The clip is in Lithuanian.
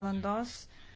valandos